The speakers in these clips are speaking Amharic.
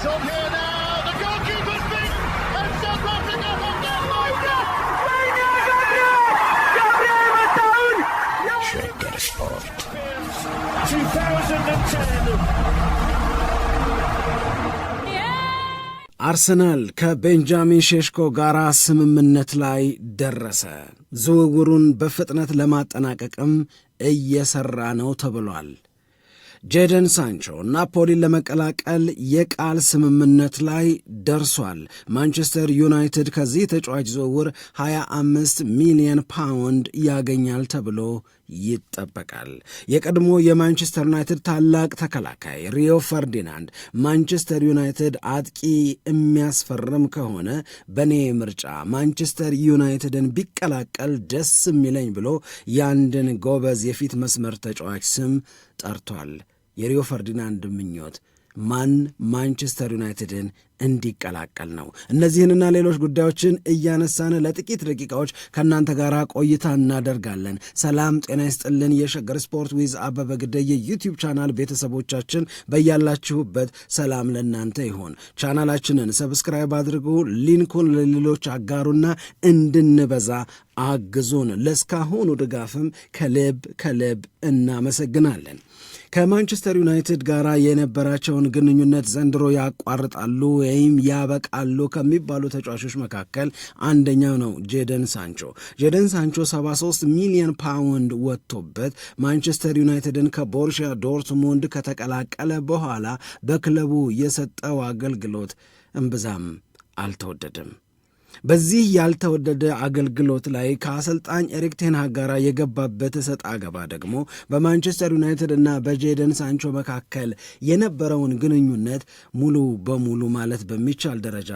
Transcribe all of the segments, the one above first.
It's on here now. The goalkeeper's been and South Africa have done Shaker Sport 2010 አርሰናል ከቤንጃሚን ሼሽኮ ጋር ስምምነት ላይ ደረሰ። ዝውውሩን በፍጥነት ለማጠናቀቅም እየሰራ ነው ተብሏል። ጄደን ሳንቾ ናፖሊን ለመቀላቀል የቃል ስምምነት ላይ ደርሷል። ማንቸስተር ዩናይትድ ከዚህ ተጫዋች ዝውውር 25 ሚሊዮን ፓውንድ ያገኛል ተብሎ ይጠበቃል። የቀድሞ የማንቸስተር ዩናይትድ ታላቅ ተከላካይ ሪዮ ፈርዲናንድ ማንቸስተር ዩናይትድ አጥቂ የሚያስፈርም ከሆነ በእኔ ምርጫ ማንቸስተር ዩናይትድን ቢቀላቀል ደስ የሚለኝ ብሎ የአንድን ጎበዝ የፊት መስመር ተጫዋች ስም ጠርቷል። የሪዮ ፈርዲናንድ ምኞት ማን ማንቸስተር ዩናይትድን እንዲቀላቀል ነው። እነዚህንና ሌሎች ጉዳዮችን እያነሳን ለጥቂት ደቂቃዎች ከእናንተ ጋር ቆይታ እናደርጋለን። ሰላም ጤና ይስጥልን። የሸገር ስፖርት ዊዝ አበበ ግደይ የዩቲዩብ ቻናል ቤተሰቦቻችን በያላችሁበት ሰላም ለእናንተ ይሆን። ቻናላችንን ሰብስክራይብ አድርጉ፣ ሊንኩን ለሌሎች አጋሩና እንድንበዛ አግዙን። ለእስካሁኑ ድጋፍም ከልብ ከልብ እናመሰግናለን። ከማንቸስተር ዩናይትድ ጋር የነበራቸውን ግንኙነት ዘንድሮ ያቋርጣሉ ወይም ያበቃሉ ከሚባሉ ተጫዋቾች መካከል አንደኛው ነው ጄደን ሳንቾ። ጄደን ሳንቾ 73 ሚሊዮን ፓውንድ ወጥቶበት ማንቸስተር ዩናይትድን ከቦርሺያ ዶርትሙንድ ከተቀላቀለ በኋላ በክለቡ የሰጠው አገልግሎት እምብዛም አልተወደደም። በዚህ ያልተወደደ አገልግሎት ላይ ከአሰልጣኝ ኤሪክ ቴንሃግ ጋር የገባበት እሰጥ አገባ ደግሞ በማንቸስተር ዩናይትድ እና በጄደን ሳንቾ መካከል የነበረውን ግንኙነት ሙሉ በሙሉ ማለት በሚቻል ደረጃ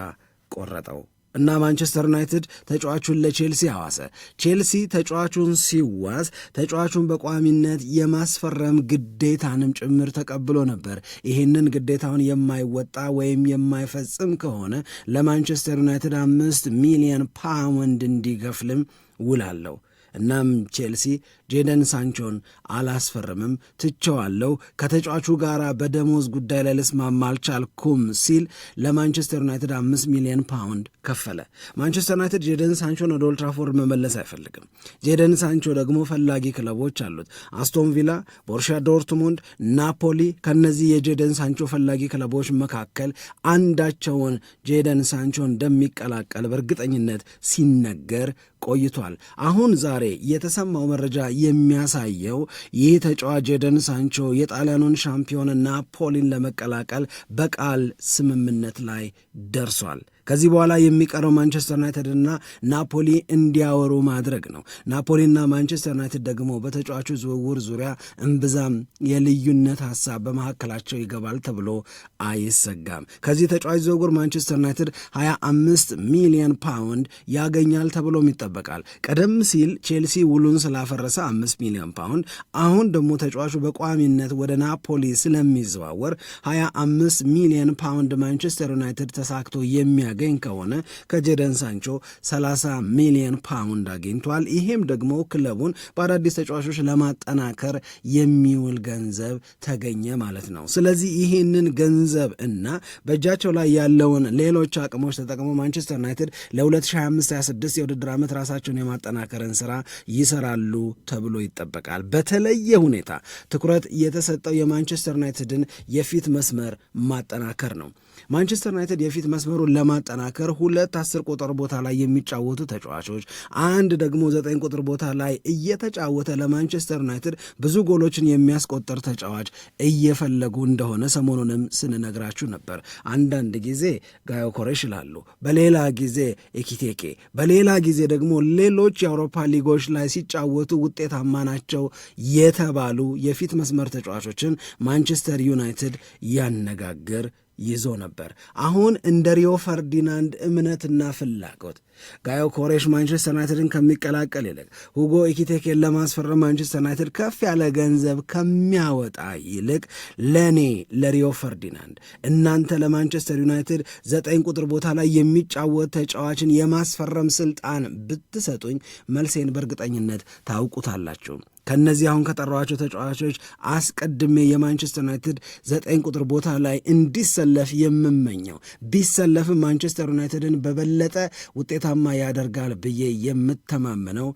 ቆረጠው። እና ማንቸስተር ዩናይትድ ተጫዋቹን ለቼልሲ አዋሰ። ቼልሲ ተጫዋቹን ሲዋስ ተጫዋቹን በቋሚነት የማስፈረም ግዴታንም ጭምር ተቀብሎ ነበር። ይህንን ግዴታውን የማይወጣ ወይም የማይፈጽም ከሆነ ለማንቸስተር ዩናይትድ አምስት ሚሊዮን ፓውንድ እንዲገፍልም ውላለሁ። እናም ቼልሲ ጄደን ሳንቾን አላስፈርምም፣ ትቸዋለው፣ ከተጫዋቹ ጋር በደሞዝ ጉዳይ ላይ ልስማማ አልቻልኩም ሲል ለማንቸስተር ዩናይትድ አምስት ሚሊዮን ፓውንድ ከፈለ። ማንቸስተር ዩናይትድ ጄደን ሳንቾን ወደ ኦልትራፎርድ መመለስ አይፈልግም። ጄደን ሳንቾ ደግሞ ፈላጊ ክለቦች አሉት። አስቶን ቪላ፣ ቦርሻ ዶርትሙንድ፣ ናፖሊ ከነዚህ የጄደን ሳንቾ ፈላጊ ክለቦች መካከል አንዳቸውን ጄደን ሳንቾ እንደሚቀላቀል በእርግጠኝነት ሲነገር ቆይቷል። አሁን ዛሬ የተሰማው መረጃ የሚያሳየው ይህ ተጫዋች ኤደን ሳንቾ የጣሊያኑን ሻምፒዮን ናፖሊን ለመቀላቀል በቃል ስምምነት ላይ ደርሷል። ከዚህ በኋላ የሚቀረው ማንቸስተር ዩናይትድ ናፖሊ እንዲያወሩ ማድረግ ነው። ናፖሊና ማንቸስተር ዩናይትድ ደግሞ በተጫዋቹ ዝውውር ዙሪያ እምብዛም የልዩነት ሀሳብ በመካከላቸው ይገባል ተብሎ አይሰጋም። ከዚህ ተጫዋች ዝውውር ማንቸስተር ዩናይትድ 25 ሚሊዮን ፓውንድ ያገኛል ተብሎም ይጠበቃል። ቀደም ሲል ቼልሲ ውሉን ስላፈረሰ 5 ሚሊዮን ፓውንድ፣ አሁን ደግሞ ተጫዋቹ በቋሚነት ወደ ናፖሊ ስለሚዘዋወር 25 ሚሊዮን ፓውንድ ማንቸስተር ዩናይትድ ተሳክቶ የሚያ የሚያገኝ ከሆነ ከጀደን ሳንቾ 30 ሚሊዮን ፓውንድ አግኝቷል። ይሄም ደግሞ ክለቡን በአዳዲስ ተጫዋቾች ለማጠናከር የሚውል ገንዘብ ተገኘ ማለት ነው። ስለዚህ ይህንን ገንዘብ እና በእጃቸው ላይ ያለውን ሌሎች አቅሞች ተጠቅመው ማንቸስተር ዩናይትድ ለ2025/26 የውድድር ዓመት ራሳቸውን የማጠናከርን ስራ ይሰራሉ ተብሎ ይጠበቃል። በተለየ ሁኔታ ትኩረት የተሰጠው የማንቸስተር ዩናይትድን የፊት መስመር ማጠናከር ነው። ማንቸስተር ዩናይትድ የፊት መስመሩን ለማጠናከር ሁለት አስር ቁጥር ቦታ ላይ የሚጫወቱ ተጫዋቾች አንድ ደግሞ ዘጠኝ ቁጥር ቦታ ላይ እየተጫወተ ለማንቸስተር ዩናይትድ ብዙ ጎሎችን የሚያስቆጠር ተጫዋች እየፈለጉ እንደሆነ ሰሞኑንም ስንነግራችሁ ነበር። አንዳንድ ጊዜ ጋዮ ኮሬሽ ይላሉ፣ በሌላ ጊዜ ኤኪቴኬ፣ በሌላ ጊዜ ደግሞ ሌሎች የአውሮፓ ሊጎች ላይ ሲጫወቱ ውጤታማ ናቸው የተባሉ የፊት መስመር ተጫዋቾችን ማንቸስተር ዩናይትድ ያነጋግር ይዞ ነበር። አሁን እንደ ሪዮ ፈርዲናንድ እምነትና ፍላጎት ጋዮ ኮሬሽ ማንቸስተር ዩናይትድን ከሚቀላቀል ይልቅ ሁጎ ኢኪቴኬን ለማስፈረም ማንቸስተር ዩናይትድ ከፍ ያለ ገንዘብ ከሚያወጣ ይልቅ ለእኔ ለሪዮ ፈርዲናንድ እናንተ ለማንቸስተር ዩናይትድ ዘጠኝ ቁጥር ቦታ ላይ የሚጫወት ተጫዋችን የማስፈረም ስልጣን ብትሰጡኝ መልሴን በእርግጠኝነት ታውቁታላችሁ። ከእነዚህ አሁን ከጠሯቸው ተጫዋቾች አስቀድሜ የማንቸስተር ዩናይትድ ዘጠኝ ቁጥር ቦታ ላይ እንዲሰለፍ የምመኘው ቢሰለፍም ማንቸስተር ዩናይትድን በበለጠ ውጤት ውጤታማ ያደርጋል ብዬ የምተማመነው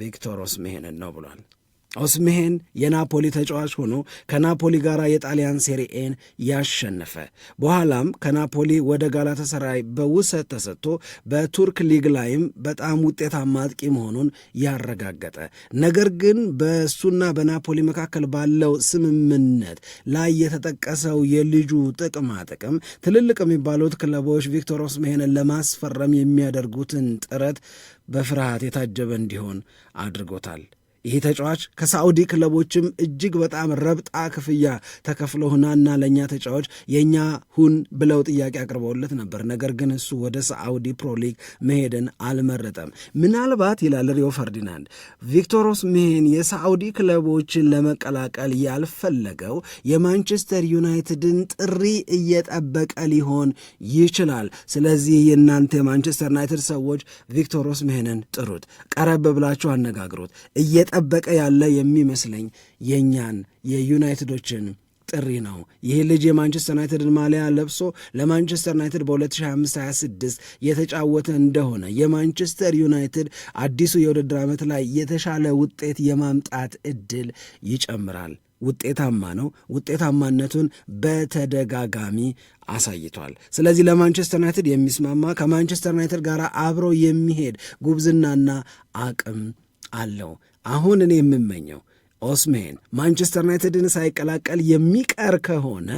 ቪክቶር ኦስሜሄንን ነው ብሏል። ኦስምሄን የናፖሊ ተጫዋች ሆኖ ከናፖሊ ጋር የጣሊያን ሴሪኤን ያሸነፈ በኋላም ከናፖሊ ወደ ተሰራይ በውሰት ተሰጥቶ በቱርክ ሊግ ላይም በጣም ውጤታማ አጥቂ መሆኑን ያረጋገጠ ነገር ግን በእሱና በናፖሊ መካከል ባለው ስምምነት ላይ የተጠቀሰው የልጁ ጥቅማ ጥቅም ትልልቅ የሚባሉት ክለቦች ቪክቶር ኦስሜሄንን ለማስፈረም የሚያደርጉትን ጥረት በፍርሃት የታጀበ እንዲሆን አድርጎታል። ይህ ተጫዋች ከሳዑዲ ክለቦችም እጅግ በጣም ረብጣ ክፍያ ተከፍለውና እና ለእኛ ተጫዋች የእኛ ሁን ብለው ጥያቄ አቅርበውለት ነበር። ነገር ግን እሱ ወደ ሳዑዲ ፕሮሊግ መሄድን አልመረጠም። ምናልባት ይላል ሪዮ ፈርዲናንድ፣ ቪክቶር ኦስሜሄን የሳዑዲ ክለቦችን ለመቀላቀል ያልፈለገው የማንቸስተር ዩናይትድን ጥሪ እየጠበቀ ሊሆን ይችላል። ስለዚህ የእናንተ የማንቸስተር ዩናይትድ ሰዎች ቪክቶር ኦስሜሄንን ጥሩት፣ ቀረብ ብላችሁ አነጋግሩት እየጠበቀ ያለ የሚመስለኝ የእኛን የዩናይትዶችን ጥሪ ነው። ይህ ልጅ የማንቸስተር ዩናይትድን ማሊያ ለብሶ ለማንቸስተር ዩናይትድ በ2025/26 የተጫወተ እንደሆነ የማንቸስተር ዩናይትድ አዲሱ የውድድር ዓመት ላይ የተሻለ ውጤት የማምጣት እድል ይጨምራል። ውጤታማ ነው። ውጤታማነቱን በተደጋጋሚ አሳይቷል። ስለዚህ ለማንቸስተር ዩናይትድ የሚስማማ ከማንቸስተር ዩናይትድ ጋር አብሮ የሚሄድ ጉብዝናና አቅም አለው። አሁን እኔ የምመኘው ኦስሜን ማንቸስተር ዩናይትድን ሳይቀላቀል የሚቀር ከሆነ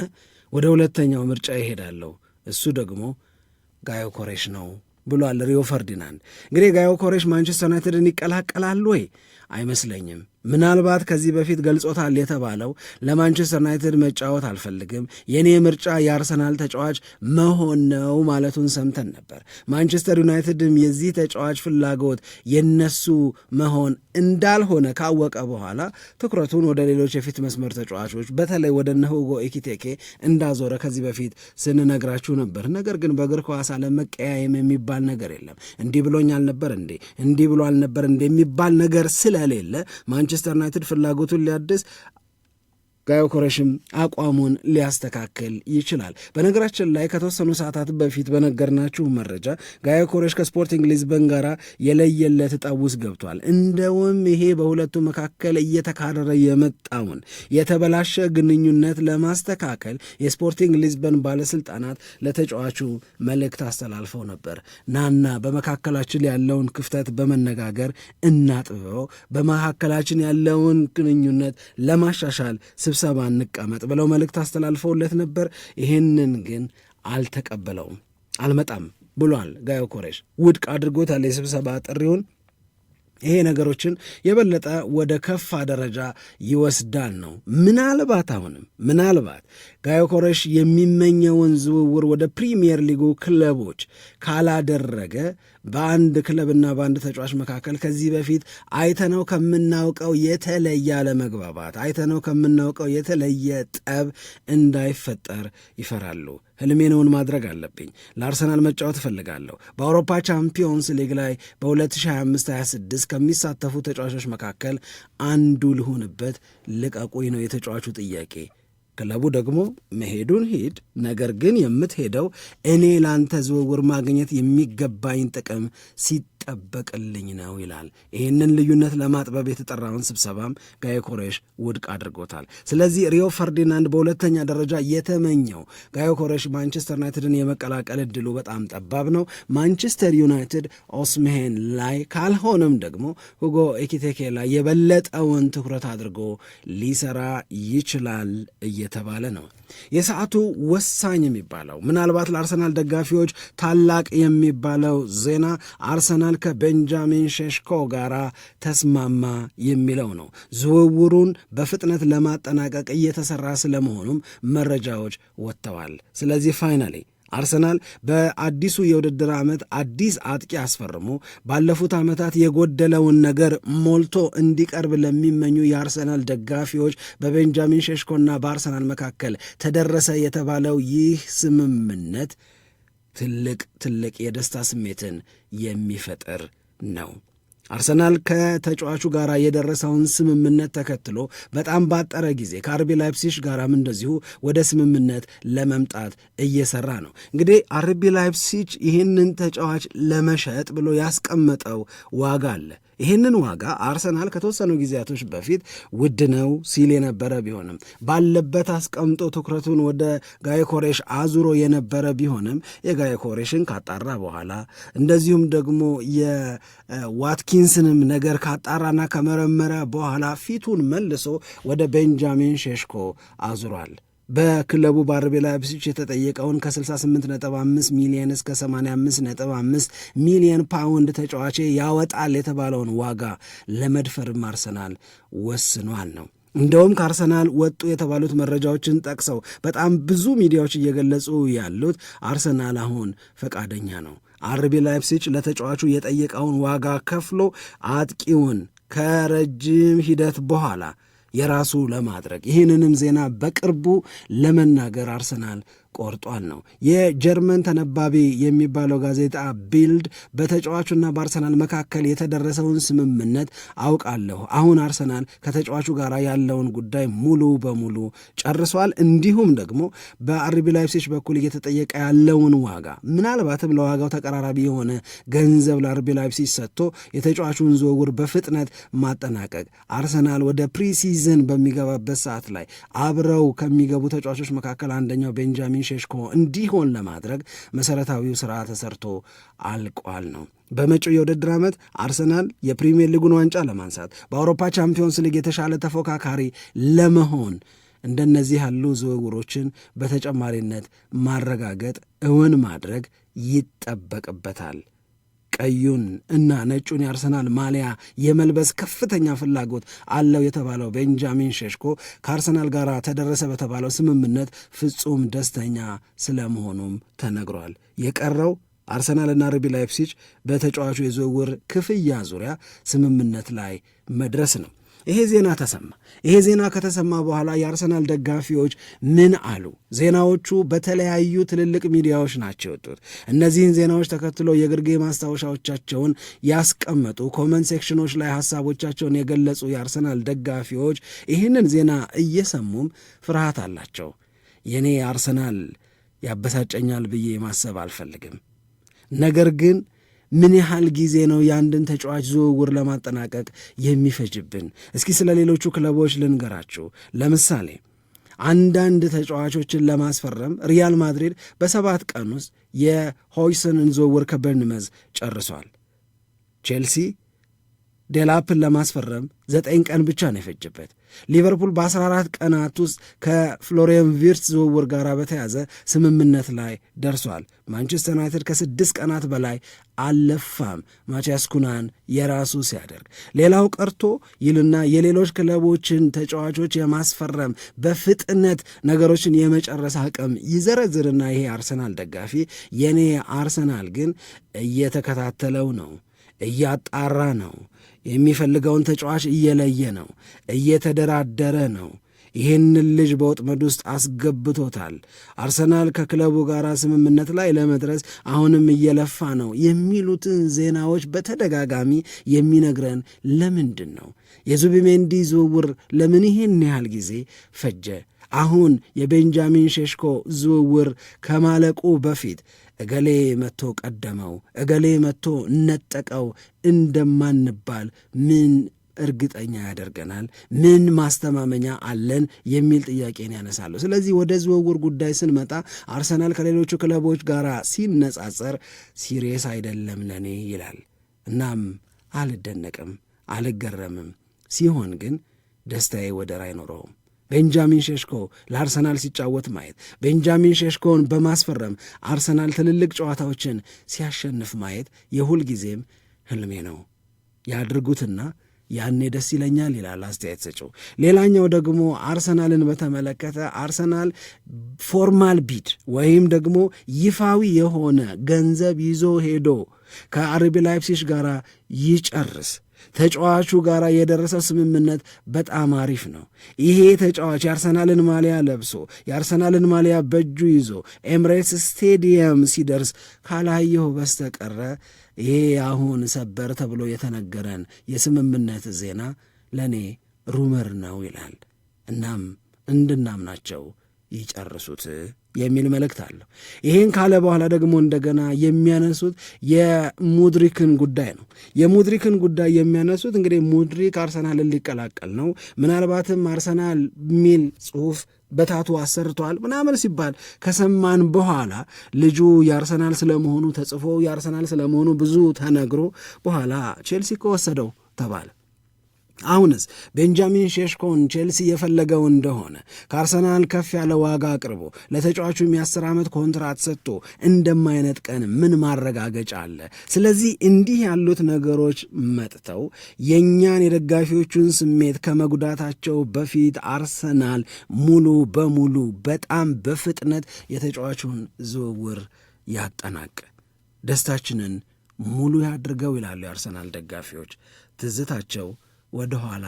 ወደ ሁለተኛው ምርጫ ይሄዳለሁ። እሱ ደግሞ ጋዮ ኮሬሽ ነው ብሏል ሪዮ ፈርዲናንድ። እንግዲህ ጋዮ ኮሬሽ ማንቸስተር ዩናይትድን ይቀላቀላል ወይ? አይመስለኝም። ምናልባት ከዚህ በፊት ገልጾታል የተባለው ለማንቸስተር ዩናይትድ መጫወት አልፈልግም፣ የእኔ ምርጫ የአርሰናል ተጫዋች መሆን ነው ማለቱን ሰምተን ነበር። ማንቸስተር ዩናይትድም የዚህ ተጫዋች ፍላጎት የነሱ መሆን እንዳልሆነ ካወቀ በኋላ ትኩረቱን ወደ ሌሎች የፊት መስመር ተጫዋቾች በተለይ ወደ እነ ሁጎ እንዳዞረ ከዚህ በፊት ስንነግራችሁ ነበር። ነገር ግን በእግር ኳስ ዓለም መቀያየም የሚባል ነገር የለም። እንዲህ ብሎኛል ነበር እንዴ እንዲህ ብሎ አልነበር የሚባል ነገር ስለሌለ ማንቸስተር ዩናይትድ ፍላጎቱን ሊያድስ ጋዮ ኮረሽም አቋሙን ሊያስተካክል ይችላል። በነገራችን ላይ ከተወሰኑ ሰዓታት በፊት በነገርናችሁ መረጃ ጋዮ ኮረሽ ከስፖርቲንግ ሊዝበን ጋር የለየለት ጠውስ ገብቷል። እንደውም ይሄ በሁለቱ መካከል እየተካረረ የመጣውን የተበላሸ ግንኙነት ለማስተካከል የስፖርቲንግ ሊዝበን ባለስልጣናት ለተጫዋቹ መልእክት አስተላልፈው ነበር። ናና በመካከላችን ያለውን ክፍተት በመነጋገር እናጥበው፣ በመካከላችን ያለውን ግንኙነት ለማሻሻል ስብሰ ስብሰባ እንቀመጥ ብለው መልእክት አስተላልፈውለት ነበር። ይህንን ግን አልተቀበለውም። አልመጣም ብሏል። ጋዮ ኮሬሽ ውድቅ አድርጎታል የስብሰባ ጥሪውን። ይሄ ነገሮችን የበለጠ ወደ ከፋ ደረጃ ይወስዳል ነው። ምናልባት አሁንም ምናልባት ጋዮ ኮረሽ የሚመኘውን ዝውውር ወደ ፕሪሚየር ሊጉ ክለቦች ካላደረገ በአንድ ክለብና በአንድ ተጫዋች መካከል ከዚህ በፊት አይተነው ከምናውቀው የተለየ አለመግባባት፣ አይተነው ከምናውቀው የተለየ ጠብ እንዳይፈጠር ይፈራሉ። ህልሜነውን ማድረግ አለብኝ። ለአርሰናል መጫወት እፈልጋለሁ። በአውሮፓ ቻምፒዮንስ ሊግ ላይ በ2025/26 ከሚሳተፉ ተጫዋቾች መካከል አንዱ ልሆንበት ልቀቁኝ ነው የተጫዋቹ ጥያቄ። ክለቡ ደግሞ መሄዱን ሂድ፣ ነገር ግን የምትሄደው እኔ ላንተ ዝውውር ማግኘት የሚገባኝ ጥቅም ሲጠበቅልኝ ነው ይላል። ይህንን ልዩነት ለማጥበብ የተጠራውን ስብሰባም ጋይ ኮሬሽ ውድቅ አድርጎታል። ስለዚህ ሪዮ ፈርዲናንድ በሁለተኛ ደረጃ የተመኘው ጋይ ኮሬሽ ማንቸስተር ዩናይትድን የመቀላቀል እድሉ በጣም ጠባብ ነው። ማንቸስተር ዩናይትድ ኦስምሄን ላይ ካልሆነም ደግሞ ሁጎ ኤኪቴኬ ላይ የበለጠውን ትኩረት አድርጎ ሊሰራ ይችላል እየ እየተባለ ነው። የሰዓቱ ወሳኝ የሚባለው ምናልባት ለአርሰናል ደጋፊዎች ታላቅ የሚባለው ዜና አርሰናል ከቤንጃሚን ሼሽኮ ጋር ተስማማ የሚለው ነው። ዝውውሩን በፍጥነት ለማጠናቀቅ እየተሰራ ስለመሆኑም መረጃዎች ወጥተዋል። ስለዚህ ፋይናሌ አርሰናል በአዲሱ የውድድር ዓመት አዲስ አጥቂ አስፈርሞ ባለፉት ዓመታት የጎደለውን ነገር ሞልቶ እንዲቀርብ ለሚመኙ የአርሰናል ደጋፊዎች በቤንጃሚን ሼሽኮና በአርሰናል መካከል ተደረሰ የተባለው ይህ ስምምነት ትልቅ ትልቅ የደስታ ስሜትን የሚፈጥር ነው። አርሰናል ከተጫዋቹ ጋር የደረሰውን ስምምነት ተከትሎ በጣም ባጠረ ጊዜ ከአርቢ ላይፕሲሽ ጋራም እንደዚሁ ወደ ስምምነት ለመምጣት እየሰራ ነው። እንግዲህ አርቢ ላይፕሲች ይህንን ተጫዋች ለመሸጥ ብሎ ያስቀመጠው ዋጋ አለ። ይህንን ዋጋ አርሰናል ከተወሰኑ ጊዜያቶች በፊት ውድ ነው ሲል የነበረ ቢሆንም ባለበት አስቀምጦ ትኩረቱን ወደ ኮሬሽ አዙሮ የነበረ ቢሆንም ኮሬሽን ካጣራ በኋላ እንደዚሁም ደግሞ የዋትኪን የኮሊንስንም ነገር ካጣራና ከመረመረ በኋላ ፊቱን መልሶ ወደ ቤንጃሚን ሼሽኮ አዙሯል። በክለቡ ባርቤ ላይፕዚግ የተጠየቀውን ከ68.5 ሚሊየን እስከ 85.5 ሚሊየን ፓውንድ ተጫዋቼ ያወጣል የተባለውን ዋጋ ለመድፈርም አርሰናል ወስኗል ነው። እንደውም ከአርሰናል ወጡ የተባሉት መረጃዎችን ጠቅሰው በጣም ብዙ ሚዲያዎች እየገለጹ ያሉት አርሰናል አሁን ፈቃደኛ ነው አርቢ ላይፕሲች ለተጫዋቹ የጠየቀውን ዋጋ ከፍሎ አጥቂውን ከረጅም ሂደት በኋላ የራሱ ለማድረግ ይህንንም ዜና በቅርቡ ለመናገር አርሰናል ቆርጧል ነው የጀርመን ተነባቢ የሚባለው ጋዜጣ ቢልድ በተጫዋቹና በአርሰናል መካከል የተደረሰውን ስምምነት አውቃለሁ። አሁን አርሰናል ከተጫዋቹ ጋር ያለውን ጉዳይ ሙሉ በሙሉ ጨርሷል። እንዲሁም ደግሞ በአርቢ ላይፕሲች በኩል እየተጠየቀ ያለውን ዋጋ ምናልባትም ለዋጋው ተቀራራቢ የሆነ ገንዘብ ለአርቢ ላይፕሲች ሰጥቶ የተጫዋቹን ዝውውር በፍጥነት ማጠናቀቅ አርሰናል ወደ ፕሪሲዝን በሚገባበት ሰዓት ላይ አብረው ከሚገቡ ተጫዋቾች መካከል አንደኛው ቤንጃሚን ሜርቪን ሼሽኮ እንዲሆን ለማድረግ መሰረታዊው ስራ ተሰርቶ አልቋል ነው። በመጪው የውድድር ዓመት አርሰናል የፕሪሚየር ሊጉን ዋንጫ ለማንሳት በአውሮፓ ቻምፒዮንስ ሊግ የተሻለ ተፎካካሪ ለመሆን እንደነዚህ ያሉ ዝውውሮችን በተጨማሪነት ማረጋገጥ እውን ማድረግ ይጠበቅበታል። ቀዩን እና ነጩን የአርሰናል ማሊያ የመልበስ ከፍተኛ ፍላጎት አለው የተባለው ቤንጃሚን ሸሽኮ ከአርሰናል ጋር ተደረሰ በተባለው ስምምነት ፍጹም ደስተኛ ስለመሆኑም ተነግሯል። የቀረው አርሰናልና ርቢ ላይፕሲች በተጫዋቹ የዝውውር ክፍያ ዙሪያ ስምምነት ላይ መድረስ ነው። ይሄ ዜና ተሰማ። ይሄ ዜና ከተሰማ በኋላ የአርሰናል ደጋፊዎች ምን አሉ? ዜናዎቹ በተለያዩ ትልልቅ ሚዲያዎች ናቸው የወጡት። እነዚህን ዜናዎች ተከትሎ የግርጌ ማስታወሻዎቻቸውን ያስቀመጡ፣ ኮመንት ሴክሽኖች ላይ ሀሳቦቻቸውን የገለጹ የአርሰናል ደጋፊዎች ይህንን ዜና እየሰሙም ፍርሃት አላቸው። የኔ አርሰናል ያበሳጨኛል ብዬ ማሰብ አልፈልግም፣ ነገር ግን ምን ያህል ጊዜ ነው የአንድን ተጫዋች ዝውውር ለማጠናቀቅ የሚፈጅብን? እስኪ ስለ ሌሎቹ ክለቦች ልንገራችሁ። ለምሳሌ አንዳንድ ተጫዋቾችን ለማስፈረም ሪያል ማድሪድ በሰባት ቀን ውስጥ የሆይሰንን ዝውውር ከበርንመዝ ጨርሷል። ቼልሲ ዴላፕን ለማስፈረም ዘጠኝ ቀን ብቻ ነው የፈጅበት። ሊቨርፑል በ14 ቀናት ውስጥ ከፍሎሪየን ቪርትስ ዝውውር ጋር በተያዘ ስምምነት ላይ ደርሷል። ማንቸስተር ዩናይትድ ከስድስት ቀናት በላይ አለፋም ማቲያስ ኩናን የራሱ ሲያደርግ ሌላው ቀርቶ ይልና የሌሎች ክለቦችን ተጫዋቾች የማስፈረም በፍጥነት ነገሮችን የመጨረስ አቅም ይዘረዝርና ይሄ አርሰናል ደጋፊ የኔ አርሰናል ግን እየተከታተለው ነው እያጣራ ነው። የሚፈልገውን ተጫዋች እየለየ ነው፣ እየተደራደረ ነው። ይህንን ልጅ በወጥመድ ውስጥ አስገብቶታል። አርሰናል ከክለቡ ጋር ስምምነት ላይ ለመድረስ አሁንም እየለፋ ነው የሚሉትን ዜናዎች በተደጋጋሚ የሚነግረን ለምንድን ነው? የዙቢሜንዲ ዝውውር ለምን ይህን ያህል ጊዜ ፈጀ? አሁን የቤንጃሚን ሼሽኮ ዝውውር ከማለቁ በፊት እገሌ መጥቶ ቀደመው፣ እገሌ መጥቶ እነጠቀው እንደማንባል ምን እርግጠኛ ያደርገናል? ምን ማስተማመኛ አለን? የሚል ጥያቄን ያነሳሉ። ስለዚህ ወደ ዝውውር ጉዳይ ስንመጣ አርሰናል ከሌሎቹ ክለቦች ጋር ሲነጻጸር ሲሬስ አይደለም ለኔ ይላል። እናም አልደነቅም፣ አልገረምም። ሲሆን ግን ደስታዬ ወደር አይኖረውም። ቤንጃሚን ሼሽኮ ለአርሰናል ሲጫወት ማየት፣ ቤንጃሚን ሼሽኮን በማስፈረም አርሰናል ትልልቅ ጨዋታዎችን ሲያሸንፍ ማየት የሁል ጊዜም ህልሜ ነው። ያድርጉትና ያኔ ደስ ይለኛል ይላል አስተያየት ሰጪው። ሌላኛው ደግሞ አርሰናልን በተመለከተ አርሰናል ፎርማል ቢድ ወይም ደግሞ ይፋዊ የሆነ ገንዘብ ይዞ ሄዶ ከአርቢ ላይፕሲሽ ጋር ይጨርስ ተጫዋቹ ጋር የደረሰ ስምምነት በጣም አሪፍ ነው። ይሄ ተጫዋች የአርሰናልን ማሊያ ለብሶ የአርሰናልን ማሊያ በእጁ ይዞ ኤምሬትስ ስቴዲየም ሲደርስ ካላየሁ በስተቀረ ይሄ አሁን ሰበር ተብሎ የተነገረን የስምምነት ዜና ለእኔ ሩመር ነው ይላል። እናም እንድናምናቸው ይጨርሱት የሚል መልእክት አለው። ይህን ካለ በኋላ ደግሞ እንደገና የሚያነሱት የሙድሪክን ጉዳይ ነው። የሙድሪክን ጉዳይ የሚያነሱት እንግዲህ ሙድሪክ አርሰናልን ሊቀላቀል ነው፣ ምናልባትም አርሰናል የሚል ጽሑፍ በታቱ አሰርቷል ምናምን ሲባል ከሰማን በኋላ ልጁ የአርሰናል ስለመሆኑ ተጽፎ የአርሰናል ስለመሆኑ ብዙ ተነግሮ በኋላ ቼልሲ ከወሰደው ተባለ። አሁንስ ቤንጃሚን ሼሽኮን ቼልሲ የፈለገው እንደሆነ ከአርሰናል ከፍ ያለ ዋጋ አቅርቦ ለተጫዋቹ የአስር ዓመት ኮንትራት ሰጥቶ እንደማይነጥቀን ምን ማረጋገጫ አለ? ስለዚህ እንዲህ ያሉት ነገሮች መጥተው የእኛን የደጋፊዎቹን ስሜት ከመጉዳታቸው በፊት አርሰናል ሙሉ በሙሉ በጣም በፍጥነት የተጫዋቹን ዝውውር ያጠናቅ፣ ደስታችንን ሙሉ ያድርገው ይላሉ የአርሰናል ደጋፊዎች ትዝታቸው ወደ ኋላ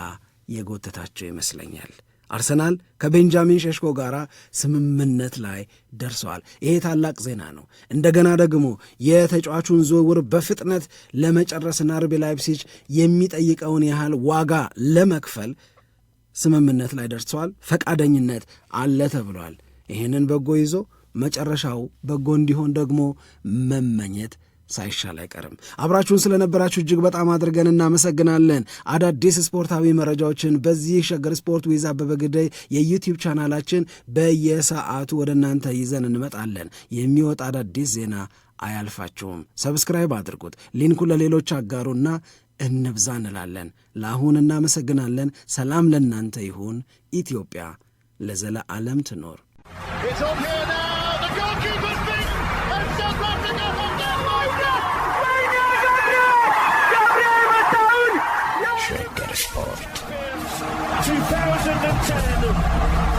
የጎተታቸው ይመስለኛል። አርሰናል ከቤንጃሚን ሸሽኮ ጋር ስምምነት ላይ ደርሰዋል። ይሄ ታላቅ ዜና ነው። እንደገና ደግሞ የተጫዋቹን ዝውውር በፍጥነት ለመጨረስና ርቢ ላይፕሲች የሚጠይቀውን ያህል ዋጋ ለመክፈል ስምምነት ላይ ደርሰዋል። ፈቃደኝነት አለ ተብሏል። ይህንን በጎ ይዞ መጨረሻው በጎ እንዲሆን ደግሞ መመኘት ሳይሻል አይቀርም። አብራችሁን ስለነበራችሁ እጅግ በጣም አድርገን እናመሰግናለን። አዳዲስ ስፖርታዊ መረጃዎችን በዚህ ሸገር ስፖርት ዊዝ አበበ ግደይ የዩቲዩብ ቻናላችን በየሰዓቱ ወደ እናንተ ይዘን እንመጣለን። የሚወጣ አዳዲስ ዜና አያልፋችሁም። ሰብስክራይብ አድርጉት፣ ሊንኩ ለሌሎች አጋሩና እንብዛ እንላለን። ለአሁን እናመሰግናለን። ሰላም ለእናንተ ይሁን። ኢትዮጵያ ለዘለዓለም ትኖር። 2010.